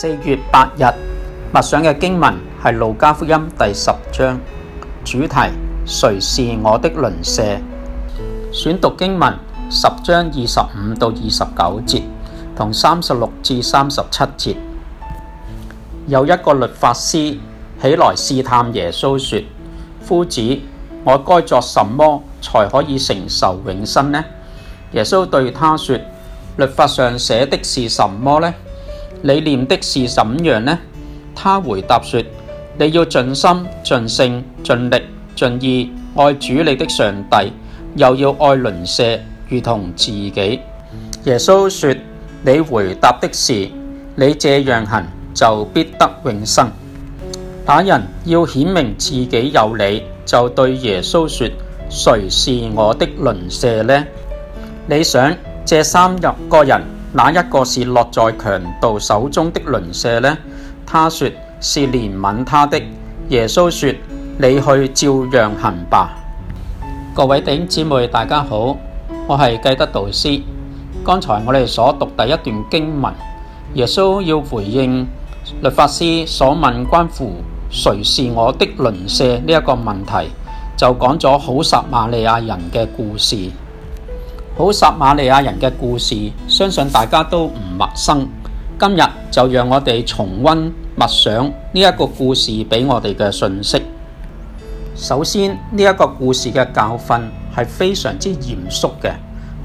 四月八日默想嘅經文係路加福音第十章，主題誰是我的鄰舍？選讀經文十章二十五到二十九節同三十六至三十七節。有一個律法師起來試探耶穌，說：夫子，我該作什麼才可以承受永生呢？耶穌對他說：律法上寫的是什麼呢？你念的是怎樣呢？他回答說：你要盡心、盡性、盡力、盡意愛主你的上帝，又要愛鄰舍如同自己。耶穌說：你回答的是，你這樣行就必得永生。那人要顯明自己有理，就對耶穌說：誰是我的鄰舍呢？你想這三入個人？哪一個是落在強盜手中的鄰舍呢？他說是憐憫他的。耶穌說：你去照樣行吧。各位弟兄姊妹，大家好，我係繼德導師。剛才我哋所讀第一段經文，耶穌要回應律法師所問關乎誰是我的鄰舍呢一個問題，就講咗好撒瑪利亞人嘅故事。好撒瑪利亞人嘅故事，相信大家都唔陌生。今日就讓我哋重溫默想呢一個故事俾我哋嘅信息。首先，呢、這、一個故事嘅教訓係非常之嚴肅嘅，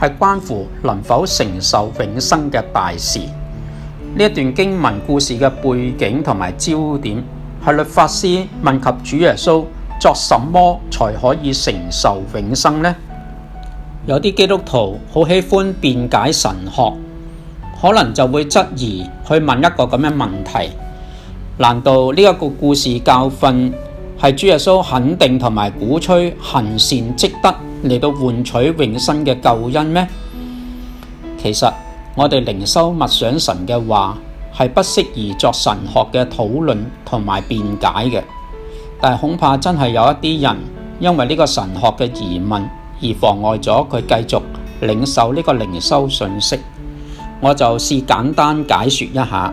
係關乎能否承受永生嘅大事。呢一段經文故事嘅背景同埋焦點係律法師問及主耶穌，作什麼才可以承受永生呢？有啲基督徒好喜歡辯解神學，可能就會質疑去問一個咁樣問題：難道呢一個故事教訓係主耶穌肯定同埋鼓吹行善積德嚟到換取永生嘅救恩咩？其實我哋靈修默想神嘅話係不適宜作神學嘅討論同埋辯解嘅，但恐怕真係有一啲人因為呢個神學嘅疑問。而妨礙咗佢繼續領受呢個靈修信息，我就試簡單解說一下。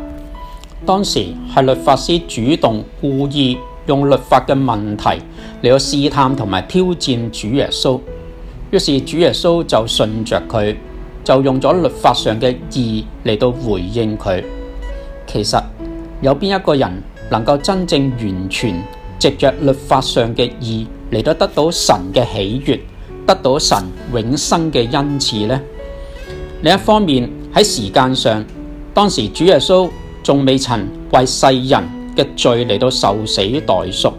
當時係律法師主動故意用律法嘅問題嚟去試探同埋挑戰主耶穌，於是主耶穌就順着佢就用咗律法上嘅義嚟到回應佢。其實有邊一個人能夠真正完全藉着律法上嘅義嚟到得到神嘅喜悅？得到神永生嘅恩賜咧。另一方面喺時間上，當時主耶穌仲未曾為世人嘅罪嚟到受死代贖，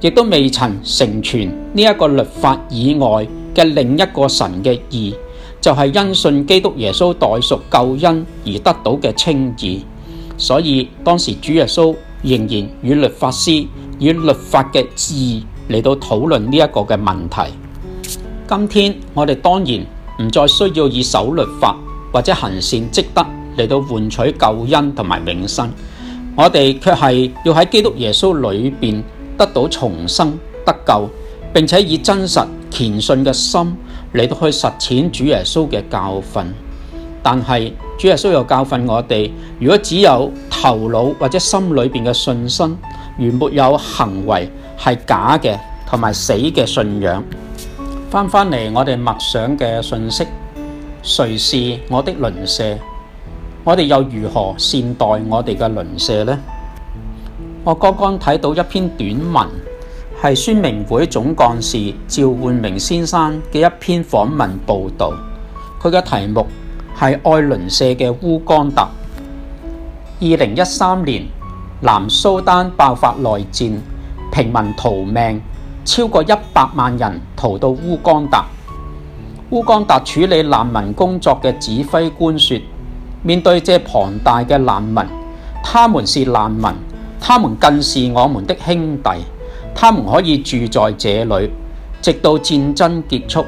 亦都未曾成全呢一個律法以外嘅另一個神嘅義，就係、是、因信基督耶穌代贖救恩而得到嘅稱義。所以當時主耶穌仍然與律法師以律法嘅意嚟到討論呢一個嘅問題。今天我哋當然唔再需要以守律法或者行善積德嚟到換取救恩同埋永生，我哋卻係要喺基督耶穌裏邊得到重生得救，並且以真實虔信嘅心嚟到去實踐主耶穌嘅教訓。但係主耶穌又教訓我哋，如果只有頭腦或者心裏邊嘅信心，而沒有行為，係假嘅同埋死嘅信仰。翻返嚟我哋默想嘅信息，誰是我的鄰舍？我哋又如何善待我哋嘅鄰舍呢？我剛剛睇到一篇短文，係宣明會總幹事趙煥明先生嘅一篇訪問報道。佢嘅題目係愛鄰舍嘅烏干達。二零一三年南蘇丹爆發內戰，平民逃命。超過一百萬人逃到烏干達。烏干達處理難民工作嘅指揮官說：面對這龐大嘅難民，他們是難民，他們更是我們的兄弟。他們可以住在這裡，直到戰爭結束。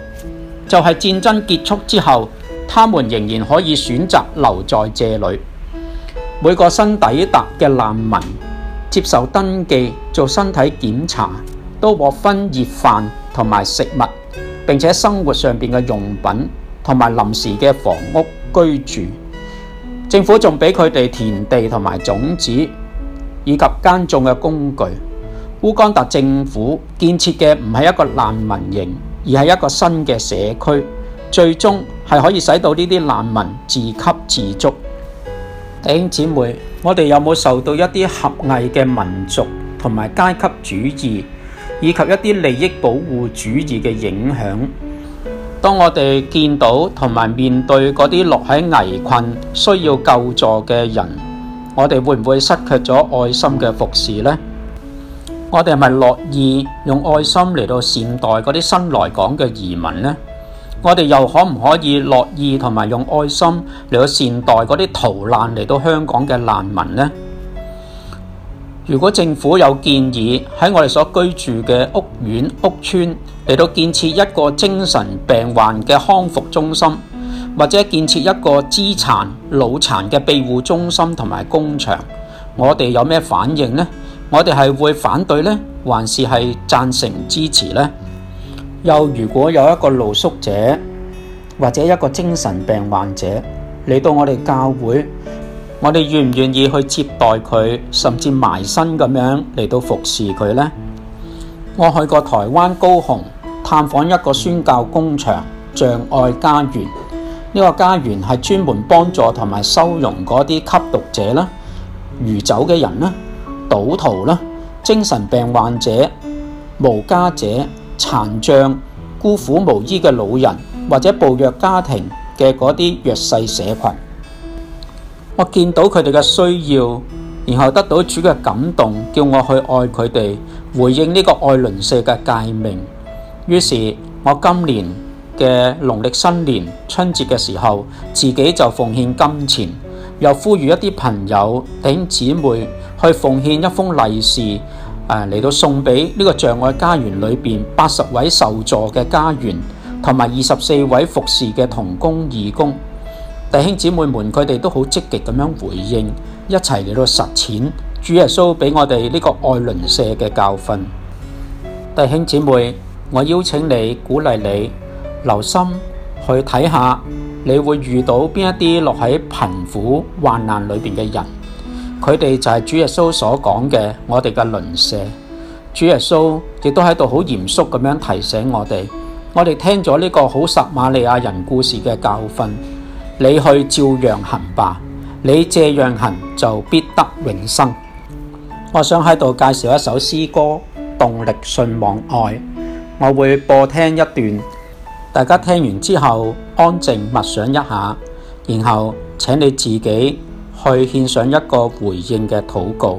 就係、是、戰爭結束之後，他們仍然可以選擇留在這裡。每個新抵達嘅難民接受登記、做身體檢查。都獲分熱飯同埋食物，並且生活上邊嘅用品同埋臨時嘅房屋居住。政府仲俾佢哋田地同埋種子以及耕種嘅工具。烏干達政府建設嘅唔係一個難民營，而係一個新嘅社區。最終係可以使到呢啲難民自給自足。弟兄姊妹，我哋有冇受到一啲狹隘嘅民族同埋階級主義，以及一啲利益保護主義嘅影響，當我哋見到同埋面對嗰啲落喺危困、需要救助嘅人，我哋會唔會失去咗愛心嘅服侍呢？我哋係咪樂意用愛心嚟到善待嗰啲新來港嘅移民呢？我哋又可唔可以樂意同埋用愛心嚟到善待嗰啲逃難嚟到香港嘅難民呢？如果政府有建議喺我哋所居住嘅屋苑、屋村嚟到建設一個精神病患嘅康復中心，或者建設一個肢殘、腦殘嘅庇護中心同埋工場，我哋有咩反應呢？我哋係會反對呢，還是係贊成支持呢？又如果有一個露宿者或者一個精神病患者嚟到我哋教會？我哋願唔願意去接待佢，甚至埋身咁樣嚟到服侍佢呢？我去過台灣高雄探訪一個宣教工場——障礙家園。呢個家園係專門幫助同埋收容嗰啲吸毒者啦、酗酒嘅人啦、賭徒啦、精神病患者、無家者、殘障、孤苦無依嘅老人或者暴弱家庭嘅嗰啲弱勢社群。我見到佢哋嘅需要，然後得到主嘅感動，叫我去愛佢哋，回應呢個愛鄰舍嘅誡命。於是，我今年嘅農曆新年春節嘅時候，自己就奉獻金錢，又呼籲一啲朋友、弟兄姊妹去奉獻一封利是，嚟、呃、到送俾呢個障礙家園裏邊八十位受助嘅家園，同埋二十四位服侍嘅同工義工。弟兄姊妹們，佢哋都好積極咁樣回應，一齊嚟到實踐主耶穌俾我哋呢個愛鄰舍嘅教訓。弟兄姊妹，我邀請你，鼓勵你，留心去睇下，你會遇到邊一啲落喺貧苦患難裏邊嘅人？佢哋就係主耶穌所講嘅我哋嘅鄰舍。主耶穌亦都喺度好嚴肅咁樣提醒我哋，我哋聽咗呢個好撒瑪利亞人故事嘅教訓。你去照樣行吧，你這樣行就必得永生。我想喺度介紹一首詩歌《動力信望愛》，我會播聽一段，大家聽完之後安靜默想一下，然後請你自己去獻上一個回應嘅禱告。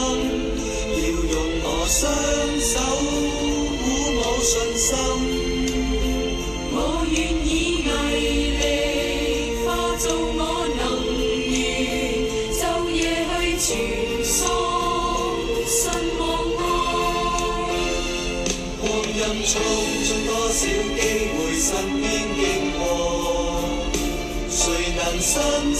匆匆多少機會身邊經過。誰能相？